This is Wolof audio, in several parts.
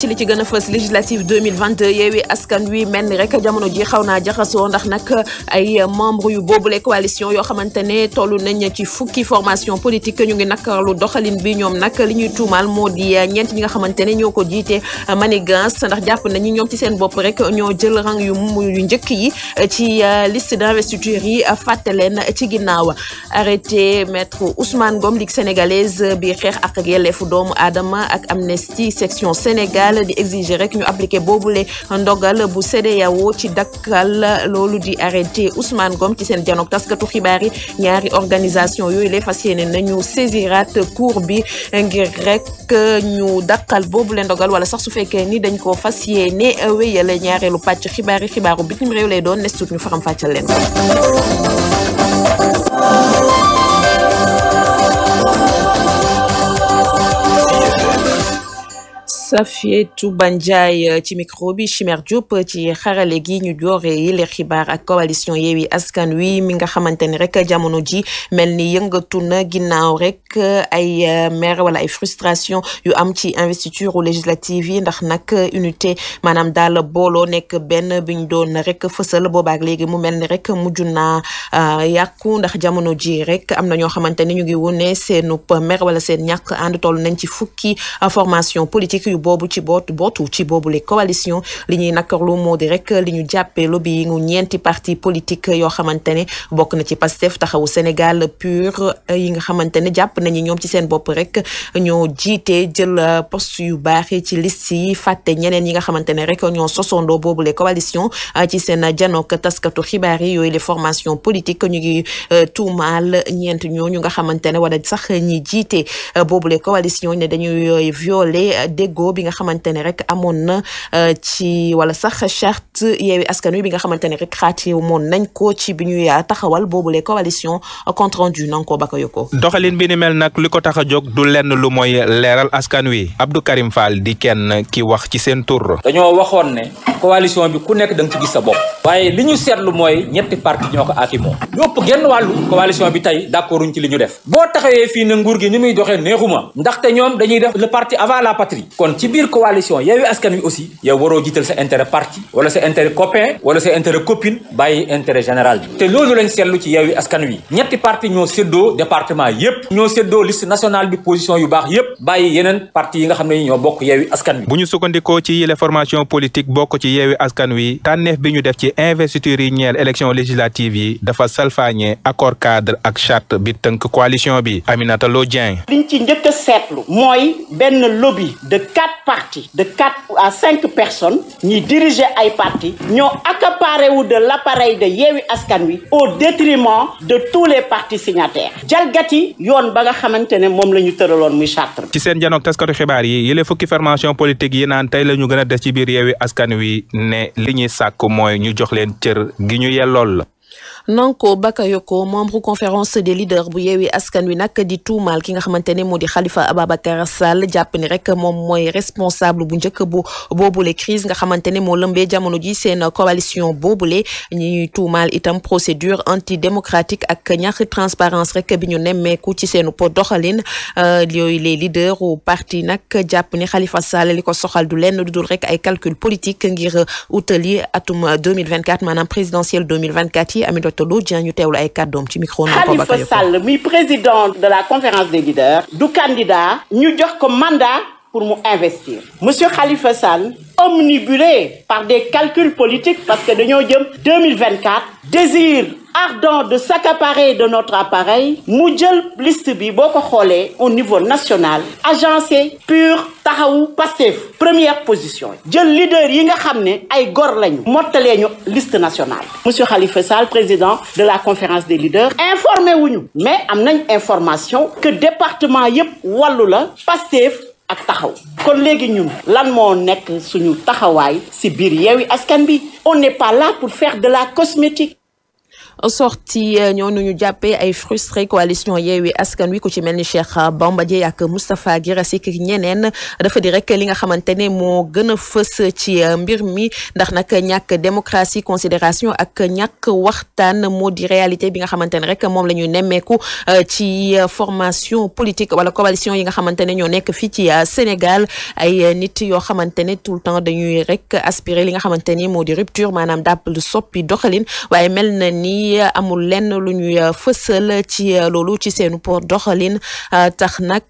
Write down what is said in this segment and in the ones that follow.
ci li ci gën a fës législative 2022 yeewi askan wi mel ni rek jamono ji xaw naa jaxasoo ndax nag ay membre yu boobule coalition yoo xamante ne toll nañ ci fukki formation politique ñu ngi nag lu doxalin bi ñoom nag li ñuy tuumaal moo di ñeent ñi nga xamante ne ñoo ko jiite manigance ndax jàpp nañu ñoom ci seen bopp rek ñoo jël rang yu yu njëkk yi ci liste d'investiture yi fàtte leen ci ginnaaw arrêté maître Ousmane Ngom Ligue sénégalaise bi xeex ak yelleefu doomu aadama ak Amnesty section Sénégal Sénégal di exiger rek ñu boobu le ndogal bu CEDEAO ci dakkal loolu di arrêté Ousmane Gom ci seen janoog taskatu xibaar yi ñaari organisation yooyu lay fas yéene nañu saisirat cour bi ngir rek ñu dakkal boobule ndogal wala sax su fekkee ni dañ ko fas yéene wéyale ñaareelu pàcc xibaar yi xibaaru bitim réew lay doon nes ñu faram fàccal leen Safietou Ba Ndiaye euh, ci micro bi Chimère Diop euh, ci xarale gi ñu joore yi les xibaar ak coalition Yewwi Askan Wi mi nga xamante ni rek jamono ji mel ni yëngatu na ginnaaw rek euh, ay maire wala ay frustration yu am ci investiture u législative yi ndax nag unité maanaam daal booloo nekk benn bi ñu doon rek fësal boobaak léegi mu mel ni rek mujj naa yàqu ndax jamono ji rek am na ñoo xamante ni ñu ngi wone seenu maire wala seen ñàkk ànd toll nañ ci fukki formation politique mesure boobu ci boot bootu ci boobu les coalition li ñuy nakarlu moo di rek li ñu jàppee lobby yi ngu ñeenti parti politique yoo xamante ne bokk na ci Pastef taxawu Sénégal pur yi nga xamante ne jàpp nañu ñoom ci seen bopp rek ñoo jiitee jël poste yu baaxi ci liste yi fàtte ñeneen yi nga xamante ne rek ñoo sosondoo boobu le coalition ci seen janook taskatu xibaar yi yooyu les formations politiques ñu ngi euh, tuumaal ñeent ñooñu nga xamante ne wala sax ñi jiite euh, boobu les coalition ne dañuy euh, violer déggoo xëccoo bi nga xamante ne rek amoon na euh, ci wala sax charte yeewi askan wi bi nga xamante ne rek xaati moon nañ ko ci bi ñuy euh, taxawal boobule coalition compte rendu nan ko Bakayoko. doxalin bi ni mel nag li ko tax a jóg du lenn lu mooy leeral askan wi Abdou Karim Fall di kenn ki wax ci seen tur. dañoo waxoon ne coalition bi ku nekk da nga ci gis sa bopp. waaye li ñu seetlu mooy ñetti parti ñoo ko aakimoo. ñëpp genn wàllu coalition bi tey d'accorduñ ci li ñu def. boo ci biir coalition Yewwi Askan Wi aussi yow waroo jiital sa intérêt parti wala sa intérêt copain wala sa intérêt copine bàyyi intérêt général bi te loolu lañ seetlu ci Yewwi Askan Wi ñetti parti ñoo séddoo département yépp ñoo séddoo liste nationale bi position yu baax yépp bàyyi yeneen parti yi nga xam ne ñoo bokk Yewwi Askan Wi bu ñu sukkandikoo ci yile formation politique bokk ci Yewwi Askan Wi tànneef bi ñu def ci investiture yi ñeel élection législative yi dafa salfaañe accord cadre ak charte bi tënk coalition bi Aminata Lo Dieng liñ ci njëkk a seetlu quatre partis de quatre à cinq personnes ñuy diriger ay partis ñoo accaparé wu de l'appareil de Yewwi Askan Wi au détriment de tous les partis signataires jalgati yoon ba nga xamante ne moom la ñu tëraloon muy charte ci seen janoog taskatu xibaar yi yële fukki formation politique yi naan tey la ñu gën a des ci biir Yewwi Askan Wi ne li ñuy sàkk mooy ñu jox leen cër gi ñu yellool la Nanko Bakayoko membre conférence des leaders bu yeewi askan wi nag di tuumaal ki nga xamante ne moo di Khalifa Ababacar Sall jàpp ni rek moom mooy responsable bu njëkk bu boobule crise nga xamante ne moo lëmbee jamono ji seen coalition boobule ñuy tuumaal itam procédure antidémocratique ak ñàkk transparence rek bi ñu nemmeeku ci seen po doxalin euh, yooyu les leaders u parti nag jàpp ni Khalifa Sall li ko soxal du lenn du dul rek ay calcul politique ngir Tollo Dieng ñu teewlu ay kàddoom ci micro. Khalifa Sall mi président de la conférence des leaders. du candidat. ñu jox ko mandat pour mu investir. monsieur Khalifa Sall. omnibulé par des calculs politiques parce que dañoo jëm. 2024 désir. ardent de s'accaparer de notre appareil mu jël liste bi boo ko xoolee au niveau national agencé pur taxawu Pastef première position jël leader yi nga xam ne ay góor lañu mottalee ñu liste national monsieur Khalifa Sall président de la conférence des leaders informé wuñu mais am nañ information que département yépp wallu la Pastef ak taxaw kon léegi ñun lan moo nekk suñu taxawaay ci biir Yewwi Askan Wi on n'est pas là pour faire de la cosmétique sorti euh, ñooñu ñu jàppee ay frustré coalition Yewwi Askan Wi ku ci mel ni Cheikh Bamba Dièye ak Moustapha Guirassy ak ñeneen dafa di rek li nga xamante ne moo gën a fës ci euh, mbir mi ndax nag ñàkk démocratie considération ak ñàkk waxtaan moo di réalité bi nga xamante ne rek moom la ñuy nemmeeku euh, ci formation politique wala coalition yi nga xamante ne ñoo nekk fii ci Sénégal ay nit yoo xamante ne tout le temps dañuy rek aspirer li nga xamante ni moo di rupture maanaam dàpp lu soppi doxalin waaye mel ni. yi amul lenn lu ñuy euh, fësal ci euh, loolu ci seen pour doxalin euh, tax nag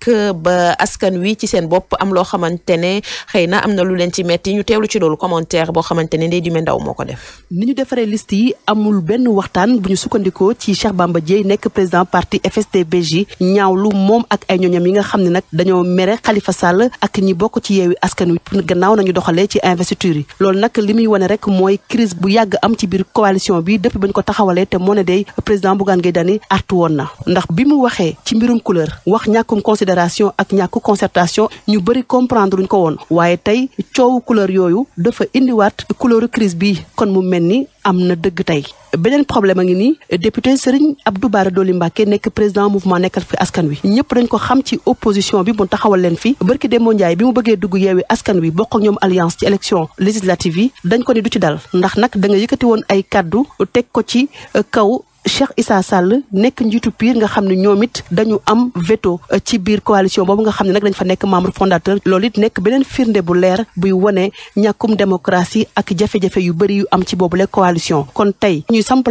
ba askan wi ci seen bopp am loo xamante ne xëy na am na lu leen ci metti ñu teelu ci loolu commentaire boo xamante ne Ndeye Dumé Ndaw moo ko def. ni ñu defaree list yi amul benn waxtaan bu ñu sukkandikoo ci Cheikh Bamba Dièye nekk président parti FSD/BJ ñaawlu moom ak ay ñoñam yi nga xam ne nag dañoo mere Khalifa sàll ak ñi bokk ci yeewi askan wi pour gannaaw nañu doxalee ci investiture yi loolu nag li muy wane rek mooy crise bu yàgg am ci biir coalition bi depuis bañ ko taxawalee te moo ne day président Bougane Gueye Dany artu woon na ndax bi mu waxee ci mbirum couleur wax ñàkkum considération ak ñàkku concertation ñu bëri comprendre luñ ko woon waaye tey coowu couleur yooyu dafa indiwaat couleuru crise bi kon mu mel ni am na dëgg tey beneen problème a ngi nii député Serigne Abdou Bara Dolly Mbacké nekk président mouvement nekkal fi askan wi ñëpp dañ ko xam ci opposition bi mu taxawal leen fi barki Demba Ndiaye bi mu bëggee dugg yeewi askan wi bokk ak ñoom alliance ci élection législative yi dañ ko ni du ci dal ndax nag da nga yëkkati woon ay kaddu teg ko ci euh, kaw Cheikh Issa Sall nekk njiitu PUR nga xam ne ñoom it dañu am veto euh, ci biir coalition boobu nga xam ne nag dañ fa nekk membre fondateur lool it nekk beneen firnde bu leer buy wone ñàkkum démocratie ak jafe-jafe yu bëri yu am ci boobule coalition. kon tey ñuy samp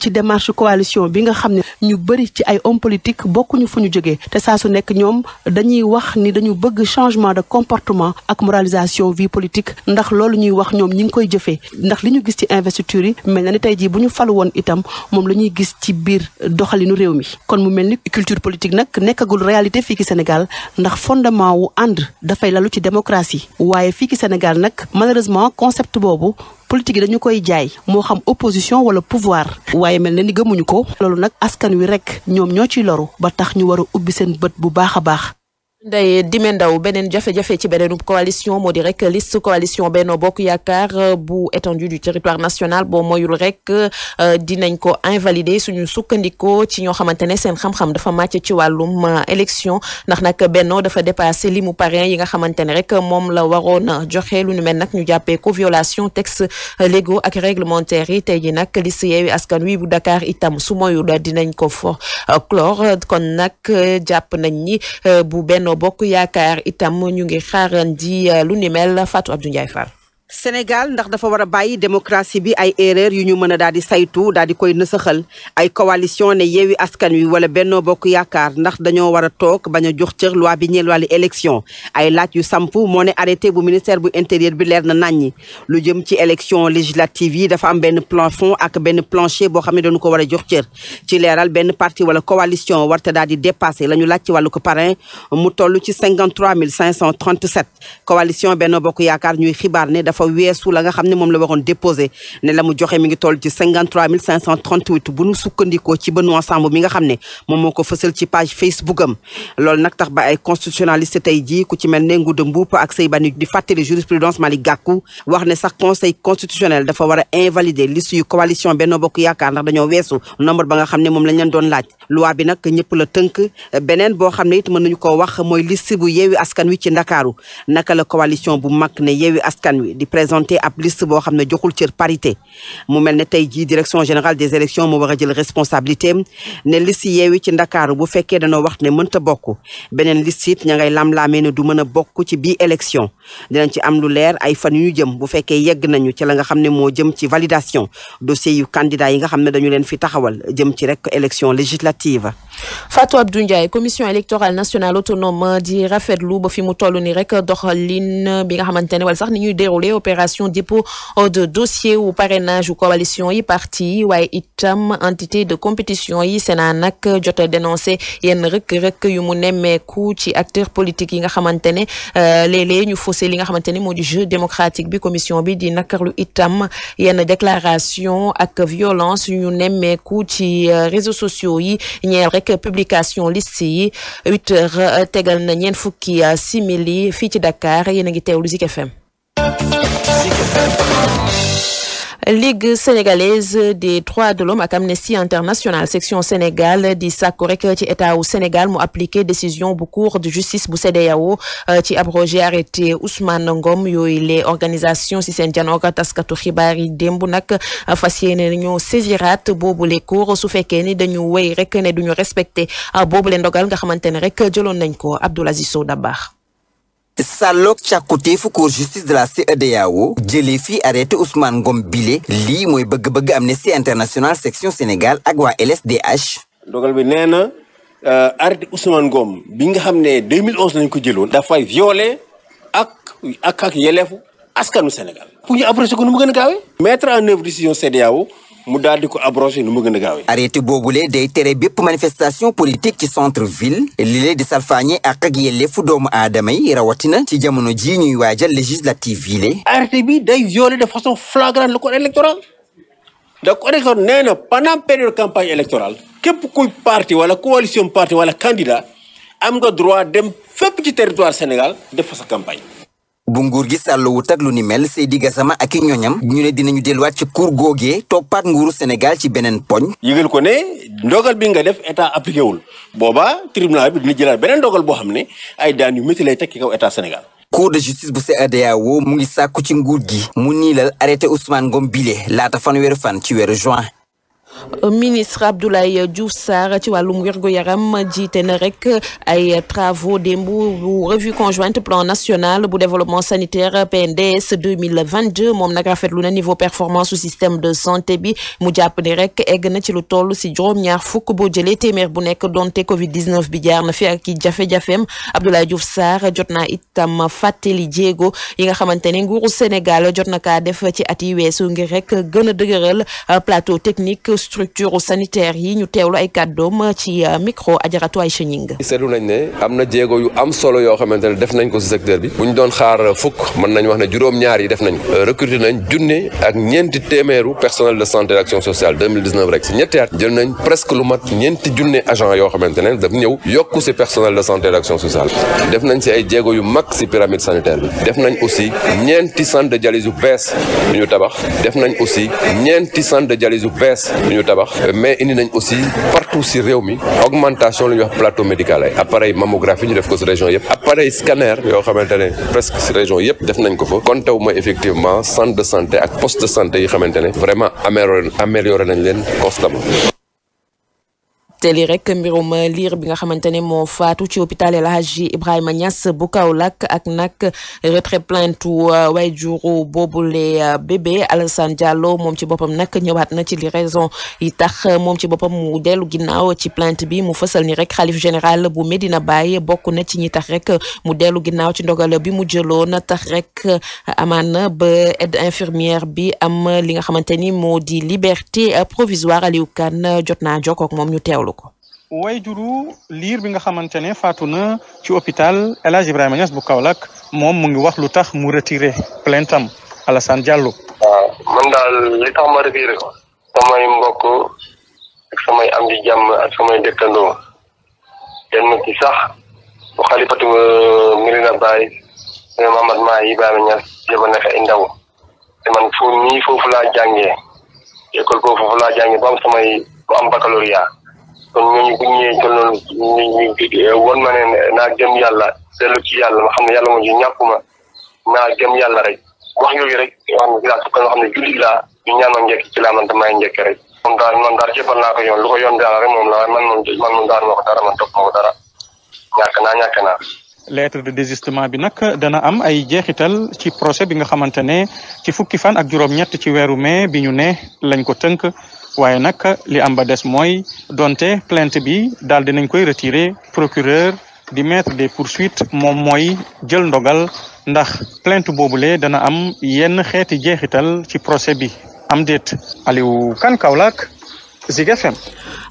ci démarche coalition bi nga xam ne ñu bëri ci ay hommes politiques bokkuñu fu ñu jógee te saa su nekk ñoom dañuy wax ni dañu bëgg changement de comportement ak moralisation vie politique ndax loolu ñuy wax ñoom ñi ngi koy jëfee ndax li ñu gis ci investiture yi mel na ni tey itam ñuy gis ci biir doxalinu réew mi kon mu mel ni culture politique nag nekkagul réalité fii ki Sénégal ndax fondement wu ànd dafay lalu ci démocratie waaye fii ki Sénégal nag malheureusement concept boobu politique yi dañu koy jaay moo xam opposition wala pouvoir waaye mel na ni gëmuñu ko loolu nag askan wi rek ñoom ñoo ciy loru ba tax ñu war ubbi seen bët bu baax baax Ndeye Dime beneen jafe-jafe ci beneenub coalition moo di rek liste coalition Benno Bokk Yaakaar euh, bu étendue du territoire national boo moyul rek euh, dinañ ko invalider suñu sukkandikoo ci ñoo xamante ne seen xam-xam dafa màcc ci wàllum euh, élection ndax nag Benno dafa dépassé limu parrain yi nga xamante ne rek moom la waroon joxe nu ñu mel nag ñu jàppee ko violation texte légaux ak réglementaires yi tey ji nag liste Yewwi Askan Wi bu Dakar itam su moyul dinañ ko for clore kon nag jàpp nañ ni bu benn Benno Bokk Yaakaar itam ñu ngi xaaran ji eh, lu ni mel Fatou Abdou Ndiaye Sénégal ndax dafa war a bàyyi démocratie bi ay erreur yu ñu mën a daal di saytu daal di koy nësaxal ay coalition ne yeewi askan wi wala benn bokk yaakaar ndax dañoo war a toog bañ a jox cër loi bi ñeel wàllu élection ay laaj yu samp moo ne arrêté bu ministère bu intérieur bi leer na naññi lu jëm ci élection législative yi dafa am benn plafond ak benn plancher boo xam ne dañu ko war a jox cër ci leeral benn parti wala coalition warte daal di dépassé la ñu laaj ci wàllu ko parrain mu toll ci 53 537 coalition bennoo bokk yaakaar ñuy xibaar ne dafa weesu la nga xam ne moom la waroon déposé ne mu joxe mi ngi toll ci bu nu sukkandikoo ci Benoît Sambou mi nga xam ne moom moo ko fësal ci page Facebook am loolu nag tax ba ay constitutionnaliste tey jii ku ci mel ne Ngouda Mboup ak Seybani di fàttali jurisprudence Malick Gakou wax ne sax conseil constitutionnel dafa war invalider liste yu coalition beneen boo xam ne it nañu ko wax mooy liste bu yeewi askan wi ci Ndakaaru naka la coalition présenté ab liste boo xam ne joxul cër parité mu mel ne tey jii direction générale des élections moo war a jël responsabilité ne liste yeewi ci ndakaaru bu fekkee danoo wax ne mënta bokk beneen liste it ña ngay lam-laamee ne du a bokk ci bii élection ci am lu leer ay fan yu jëm bu fekkee yegg nañu ci la nga xam ne moo jëm ci validation dossier yu candidat yi nga xam ne dañu leen fi taxawal jëm ci rek élection législative Fatou Abdou Ndiaye commission électorale nationale autonome di rafetlu ba fi mu toll ni rek doxalin bi nga ne wala sax ni ñuy déroulé opération dépôt de dossier wu parrainage wu coalition yi parti yi waaye itam entité de compétition yi Sénat nag jot a dénoncé yenn rek rek yu mu nemmeeku ci acteur politique yi nga xamante ne euh, léeg-léeg ñu faussé li nga xamante ne moo di jeu démocratique bi commission bi di nakarlu itam yenn déclaration ak violence yu ñu nemmeeku ci euh, réseaux sociaux yi ñeel rek publication liste yi huit heures euh, tegal na ñeent fukki simili fii ci Dakar yéen a ngi FM Ligue sénégalaise des droits de l'homme ak Amnesty International section Sénégal di sàkku rek ci état wu Sénégal mu appliqué décision bu cour de justice bu CEDEAO euh, ci abrogé arrêté Ousmane Ngom yooyu les organisations si seen janoog taskatu xibaar yi démb nag euh, fas yéene ñu saisirat boobu les cours su fekkee ni dañu wéy rek ne duñu respecté euh, boobu le ndogal nga xamante ne rek jëloon nañ ko Abdoul Aziz Sow baax sàlloog càkkutéefu cour justice de la CEDEAO jëlee fii arrêté Ousmane Ngom bile lii mooy bëgg-bëgg Amnesty International section Sénégal ak waa LSDH. dogal bi nee na euh, arrêté Ousmane Ngom bi nga xam ne 2011 lañ ko jëloon. dafay violé ak ak ak yeleefu askanu Sénégal. pour ñu apprécier ko nu mu gën a gaawee. mettre en œuvre décision mu daal di ko abroger nu mu gën a gaawee. arrêté boobule day tere bépp manifestation politique ci centre ville li leen di salfaañe ak ak yelleefu doomu aadama yi rawatina ci jamono jii ñuy waajal législative yi le. arrêté bi day violer de façon flagrante le code électoral le code électoral nee na pendant période campagne électorale képp kuy parti wala coalition parti wala candidat am nga droit dem fépp ci territoire Sénégal def fa campagne. bu nguur gi sàlluwut ak lu ni mel Seydi Gassama ak i ñoñam ñu ne dinañu delluwaat ci kur googee toppaat nguuru Sénégal ci beneen poñ yëgal ko ne ndogal bi nga def état appliqué wul booba tribunal bi dina jëlaat beneen ndogal boo xam ne ay daan yu métti lay tekki kaw état Sénégal cour de justice bu CEDEAO mu ngi sàkku ci nguur gi mu niilal arrêté Ousmane Ngom bile laata fanweeru fan ci weeru juin ministre Abdoulaye Diouf Sarr ci wàllum wérgu yaram jiite na rek ay travaux démb bu revue conjointe plan national bu développement sanitaire PNDS 2022 moom nag rafetlu na niveau performance su système de santé bi mu jàpp ni rek egg na ci lu toll si juróom-ñaar fukk boo jëlee téeméer bu nekk donte Covid 19 bi jaar na fi ak i jafe-jafeem Abdoulaye Diouf Sarr jot na itam fàttali jéego yi nga xamante ne nguuru Sénégal jot na kaa def ci at yi weesu ngir rek gën a dëgëral euh, plateau technique. structure au sanitaire yi ñu teewlu ay kàddoom ci euh, micro ajaratu ay chening seetlu nañ ne am na jéego yu am solo yoo xamante ne def nañ ko si secteur bi bu ñu doon xaar fukk mën nañ wax ne juróom-ñaar yi def nañ ko euh, nañ junne ak ñeenti téeméeru personnel de santé et action sociale 2019 rek si ñetti at jël nañ presque lu mat ñeenti junne agent yoo xamante ne daf ñëw yokku si personnel de santé et action sociale def nañ si ay jéego yu mag si pyramide sanitaire bi def nañ aussi ñeenti centre de dialyse yu bees ñu tabax def nañ aussi ñeenti centre de dialyse yu bees ñu tabax mais indi nañ aussi partout si réew mi augmentation la ñuy wax plateau médical ay appareil mammographie ñu def ko si région yëpp appareil scanner yoo xamante ne presque si région yëpp def nañ ko fa kon taw mooy effectivement centre de santé ak poste de santé yi xamante ne vraiment amélioré amélioré nañ leen constamment te li rek mbirum liir bi nga xamante ne moo faatu ci hôpital El Hadji Ibrahima Niass bu Kaolack ak nag retrait plainte euh, wayjuru boobule euh, bébé Alassane Diallo moom ci boppam nag ñëwaat na ci li raison yi tax moom ci boppam mu dellu ginnaaw ci plainte bi mu fësal ni rek xalif général bu Medina Baye bokk na ci ñi tax rek mu dellu ginnaaw ci ndogal bi mu jëloon tax rek amaana ba aide infirmière bi ama li nga xamante ni moo di liberté provisoire Aliou Kane jot naa jokkook moom ñu teewlu teewlu way juru liir bi nga xamante ne faatu na ci hôpital El Hadj Ibrahima Niass bu Kaolack moom mu ngi wax lu tax mu retiré plainte am Alassane Diallo. waaw man daal li tax ma retiré ko. samay mbokk ak samay am di ak samay dëkkandoo kenn ci sax bu xalifatu euh, Mirina Baye Mahamad Mahi Ibrahima Niass jëba nekk ay ndaw te man fu nii foofu laa jàngee école boobu foofu samay ba am baccalauréat kon ñooñu bu ñu ñëwee loolu ñu ñu eh, won yàlla dellu ci yàlla ma xam ne yàlla moo ci ñàkk ma naa yàlla rek wax yooyu rek yoo xam ne gilaas kon nga xam ne jullit laa ci laa man damay rek moom daal man daal jëfal naa ko yoon lu daal rek moom la waaye man moom man moom daal moo ko man topp moo ko dara ñàkk naa ñàkk naa lettre de désistement bi nag dana am ay jeexital ci procès bi nga xamante ne ci fukki fan ak juróom-ñett ci weeru mai bi ñu ne lañ ko tënk waaye nag li am ba des mooy donte plainte bi daal nañ koy retirer procureur di maître des poursuites moom mooy jël ndogal ndax plainte boobule dana am yenn xeeti jeexital ci procès bi am déet Aliou Kane Kaolack Zik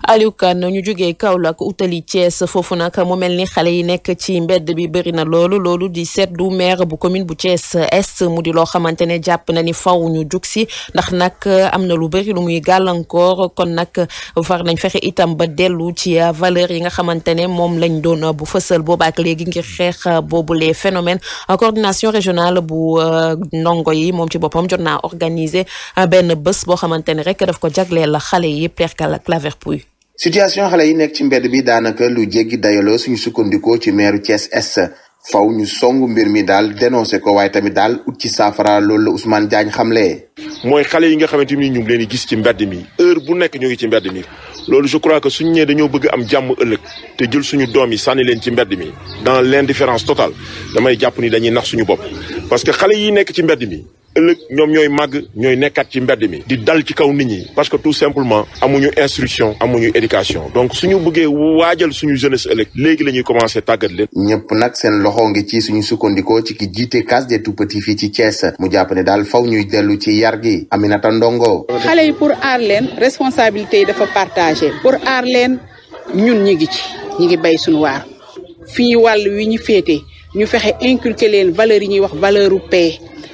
Aliou Kane ñu jugee Kaolack utali Thiès foofu nag mu mel ni xale yi nekk ci mbedd bi bëri na loolu loolu di seddu maire bu commune bu Thiès est mu di loo xamante ne jàpp na ni faw ñu jug si ndax nag am na lu bëri lu muy gàllankoor kon nag far nañ fexe itam ba dellu ci valeur yi nga xamante ne moom lañ doon bu fësal boobaak léegi ngi xeex boobu les phénomènes coordination régionale bu euh, ndongo yi moom ci boppam jot naa organiser euh, benn bés boo xamante ne rek daf ko jagleel xale yi Pierre situation xale yi nekk ci mbedd bi daanaka lu jéggi dayaloo suñu sukkandikoo ci meeru Thiès Est faw ñu song mbir mi daal dénoncé ko waaye tamit daal ut ci saafara loolu la Ousmane xam xamle. mooy xale yi nga xamante ni ñu ngi leen di gis ci mbedd mi heure bu nekk ñu ngi ci mbedd mi loolu je crois que suñu ñëwee dañoo bëgg am jàmm ëllëg te jël suñu doom yi sànni leen ci mbedd mi. dans l'indifférence totale damay jàpp ni dañuy nax suñu bopp parce que xale yi nekk ci mbedd mi. ëllëg ñoom ñooy màgg ñooy nekkaat ci mbedd mi di dal ci kaw nit ñi parce que tout simplement amuñu instruction amuñu éducation donc suñu bëggee waajal suñu jeunesse ëllëg léegi la ñuy commencé tàggat leen ñëpp nag seen loxo ngi ci suñu sukkandikoo ci ki jiite case des tout fii ci Thiès mu jàpp daal faw ñuy dellu ci yar gi Aminata Ndongo xale yi pour aar leen responsabilité yi dafa partagé pour aar leen ñun ñi ngi ci ñi ngi bay suñu waar fi ñu wàll wi ñu féete ñu fexe inculquer leen yi ñuy wax valeur u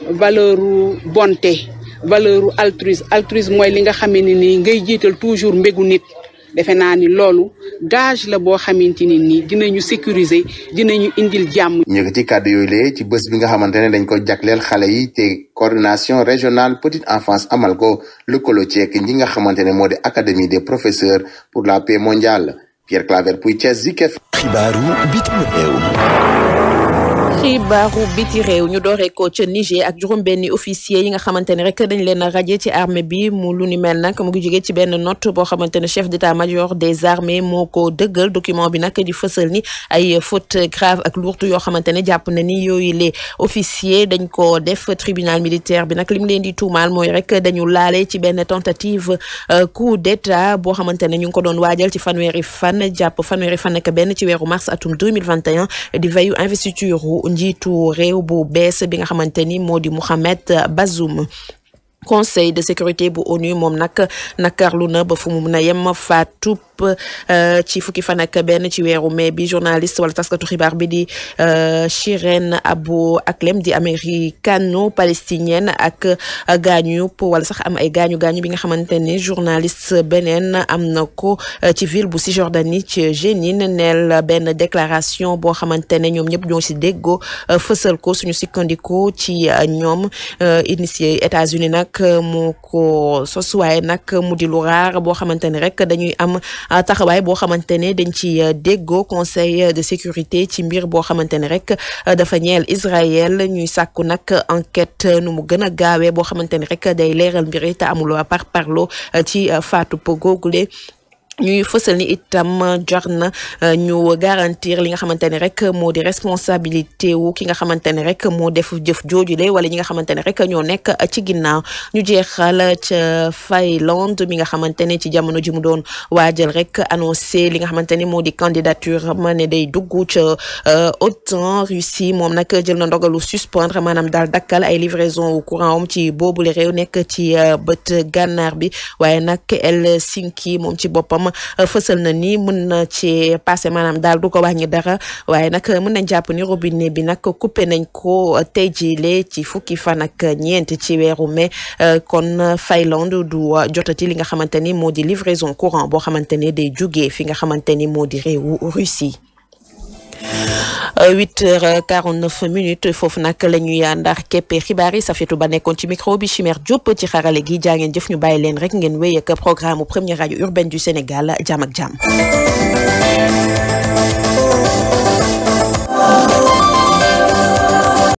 valeur bonté valeur altruisme altruisme mooy li nga xam ne nii ngay jiital toujours mbégu nit defe naa ni loolu gage la boo xamante ni nii dinañu sécuriser ñu indil jàmm. ñu ngi ci kàddu yooyu lee ci bës bi nga xamante ne dañ ko jagleel xale yi te coordination régionale petite enfance amal ko lëkkaloo ceek ñi nga xamante ne moo di académie de professeur pour la paix mondiale Pierre Claver Puy Thiès Zik FM. xibaaru bitim réew. xibaaru biti réew ñu dooree ko ca Niger ak juróom benni officier yi nga xamante ne rek dañ leen a radié ci armée bi mu lu ni mel nag mu ngi jógee ci benn note boo xamante ne chef d'état-major des armées moo ko dëggal document bi nag di fësal ni ay faute grave ak lourde yoo xamante ne jàpp na ni yooyu les officiers dañ ko def tribunal militaire bi nag li mu leen di tuumaal mooy rek dañu laale ci benn tentative euh, coup d'état boo xamante ne ñu ngi ko doon waajal ci fanweeri fan jàpp fanweeri fan ak benn ci weeru mars atum 2021 di veyu njiitu réew bu bees bi nga xamante ni moo di Mohamed Bazoum conseil de sécurité bu ONU moom nag nakarlu na ba fu mu mën a yem faatub Euh, ci fukki fan ak benn ci weeru mai bi journaliste wala taskatu xibaar bi di Chirine euh, ak lem di américano palestinienne ak gaañu wala sax am ay gaañu gaañu bi nga xamante ne journaliste beneen am na ko euh, ci ville bu Cisjordanie ci Jénine neel benn déclaration boo xamante ne ñoom ñëpp ñoo si déggoo fësal ko suñu sikkandiku ci ñoom initié États-Unis nag moo ko sos waaye nag mu di lu raar boo xamante ne rek dañuy am Euh, taxawaay boo xamante ne dañ ci euh, déggoo conseil euh, de sécurité ci mbir boo xamante ne rek dafa ñeel Israël ñuy sàkku nag enquête nu mu gën a gaawee boo xamante ne rek day leeral mbir te amul par parlo ci faatu pogogule ñuy fësal ni itam jar na euh, ñu garantir li nga xamante ne rek moo di responsabilité wu ki nga xamante ne rek moo def jëf joojule wala ñi nga xamante ne rek ñoo nekk ci ginnaaw ñu jeexal ca Finlande mi nga xamante ne ci jamono ji mu doon waajal rek annoncé li nga xamante ne moo di candidature ma ne day dugg ca euh, OTAN Russie moom nag jël na ndogalu suspendre maanaam daal dakkal ay livraison au courant am ci boobule réew nekk ci euh, bët gànnaar bi waaye nag Helsinki moom ci boppam moom euh, fësal na ni mën na ci passé maanaam daal du ko wàññi dara waaye nag euh, mën nañ jàpp ni robinet bi nag coupé nañ ko euh, tey jile ci fukki fan ak ñeent ci weeru mai kon Finlande du jotati li nga xamante ni moo di livraison courant boo xamante ni day jugee fi nga xamante ni moo di réewu Russie huit heures quarante neuf minutes foofu nag la ñuy ndax keppe xibaar yi Safietou Ba nekkoon ci micro bi Chimère Diop ci xarale gi jaa ngeen jëf ñu bàyyi leen rek ngeen wéy ak programme première radio urbaine du Sénégal jàmm ak jàmm.